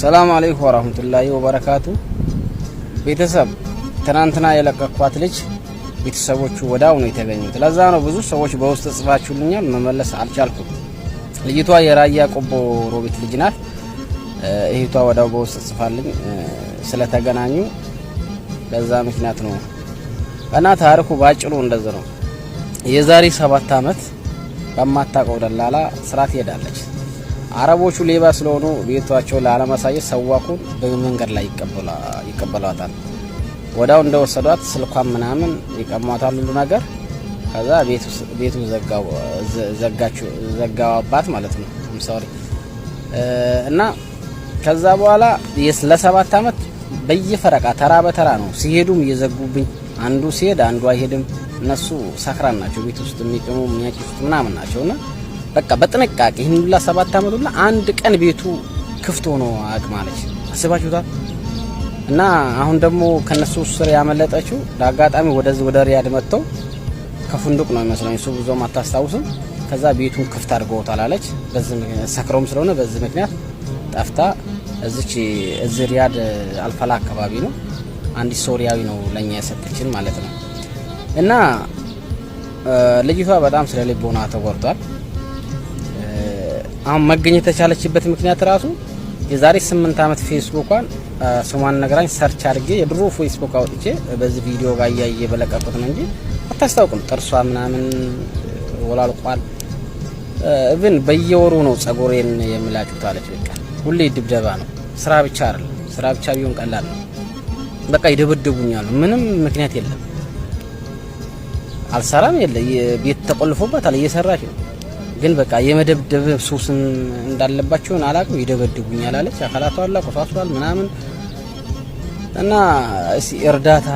ሰላም አለይኩም ወራህመቱላሂ ወበረካቱ። ቤተሰብ ትናንትና የለቀኳት ልጅ ቤተሰቦቹ ወዳው ነው የተገኙት። ለዛ ነው ብዙ ሰዎች በውስጥ ጽፋችሁልኛል መመለስ አልቻልኩም። ልጅቷ የራያ ቆቦ ሮቤት ልጅ ናት። እህቷ ወዳው በውስጥ ጽፋልኝ ስለተገናኙ ለዛ ምክንያት ነው እና ታሪኩ ባጭሩ እንደዚህ ነው። የዛሬ ሰባት አመት በማታውቀው ደላላ ስራ ትሄዳለች። አረቦቹ ሌባ ስለሆኑ ቤቷቸው ላለማሳየት ሰዋኩን በመንገድ ላይ ይቀበሏታል። ወዳው እንደወሰዷት ስልኳን ምናምን ይቀሟታል ሁሉ ነገር። ከዛ ቤቱ ዘጋዋባት ማለት ነው ምሳሪ እና ከዛ በኋላ ለሰባት አመት በየፈረቃ ተራ በተራ ነው ሲሄዱም እየዘጉብኝ፣ አንዱ ሲሄድ አንዱ አይሄድም። እነሱ ሰክራን ናቸው ቤት ውስጥ የሚቅሙ የሚያጭሱት ምናምን ናቸው እና በቃ በጥንቃቄ ይህን ሁላ ሰባት አመት ሁላ አንድ ቀን ቤቱ ክፍት ሆኖ አቅማለች። አስባችሁታል? እና አሁን ደግሞ ከነሱ ስር ያመለጠችው ለአጋጣሚ ወደዚህ ወደ ሪያድ መጥተው ከፉንዱቅ ነው ይመስለኝ እሱ ብዙም አታስታውስም። ከዛ ቤቱን ክፍት አድርገውታል አለች። በዚህ ምክንያት ሰክረውም ስለሆነ በዚህ ምክንያት ጠፍታ እዚች እዚህ ሪያድ አልፈላ አካባቢ ነው አንዲት ሶሪያዊ ነው ለኛ የሰጠችን ማለት ነው። እና ልጅቷ በጣም ስለ ልቦና ተጎድቷል። አሁን መገኘት የተቻለችበት ምክንያት ራሱ የዛሬ ስምንት አመት ፌስቡኳን ስሟን ነገራኝ ሰርች አድርጌ የድሮ ፌስቡክ አውጥቼ በዚህ ቪዲዮ ጋር እያየ በለቀቁት ነው እንጂ አታስታውቅም። ጥርሷ ምናምን ወላልቋል። እብን በየወሩ ነው ጸጉሬን የሚላጩት አለች። በቃ ሁሌ ድብደባ ነው። ስራ ብቻ አይደለም። ስራ ብቻ ቢሆን ቀላል ነው። በቃ ይደበድቡኛሉ። ምንም ምክንያት የለም። አልሰራም የለ ቤት ተቆልፎበታል። እየሰራች ነው ግን በቃ የመደብደብ ሱስም እንዳለባቸውን አላቅም። ይደበድቡኛል አለች አካላቷ አላ ቆሳሷል ምናምን እና እርዳታ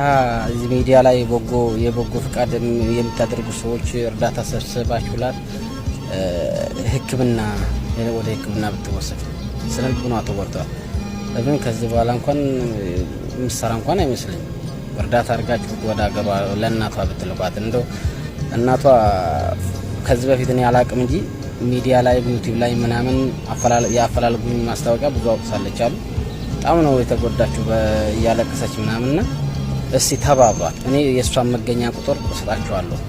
እዚህ ሚዲያ ላይ በጎ የበጎ ፍቃድ የምታደርጉ ሰዎች እርዳታ ሰብስባችሁላት ሕክምና ወደ ሕክምና ብትወሰድ ስነ ልቡና ተጎድተዋል። ለምን ከዚህ በኋላ እንኳን ምሰራ እንኳን አይመስለኝም። እርዳታ አድርጋችሁ ወደ ሀገሯ ለእናቷ ብትልቋት እንደው እናቷ ከዚህ በፊት እኔ አላቅም እንጂ ሚዲያ ላይ ዩቲዩብ ላይ ምናምን የአፈላልጉኝ ማስታወቂያ ብዙ አውቅሳለች አሉ። በጣም ነው የተጎዳችሁ እያለቀሰች ምናምንና እስቲ ተባብሯት። እኔ የእሷን መገኛ ቁጥር እሰጣችኋለሁ።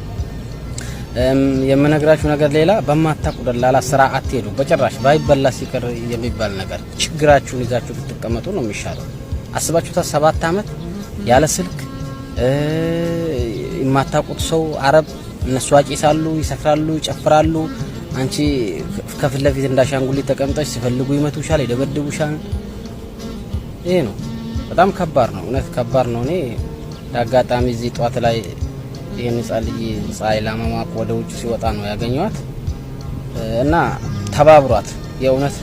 የምነግራችሁ ነገር ሌላ በማታውቁ ደላላ ስራ አትሄዱ በጭራሽ። ባይበላ ሲቀር የሚባል ነገር ችግራችሁን ይዛችሁ ብትቀመጡ ነው የሚሻለው። አስባችሁታ ሰባት አመት ያለ ስልክ የማታቁት ሰው አረብ እነሱ አጭሳሉ፣ ይሰክራሉ፣ ይጨፍራሉ። አንቺ ከፊት ለፊት እንዳሻንጉሊት ተቀምጠች ሲፈልጉ ይመቱሻል፣ ይደበድቡሻል። ይሄ ነው በጣም ከባድ ነው፣ እውነት ከባድ ነው። እኔ ለአጋጣሚ እዚህ ጧት ላይ ይህን ህጻን ልጅ ፀሐይ ላመማቅ ወደ ውጭ ሲወጣ ነው ያገኘዋት እና ተባብሯት የእውነት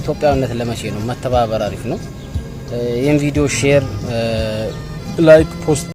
ኢትዮጵያዊነት ለመቼ ነው መተባበር አሪፍ ነው። ይህን ቪዲዮ ሼር ላይክ ፖስት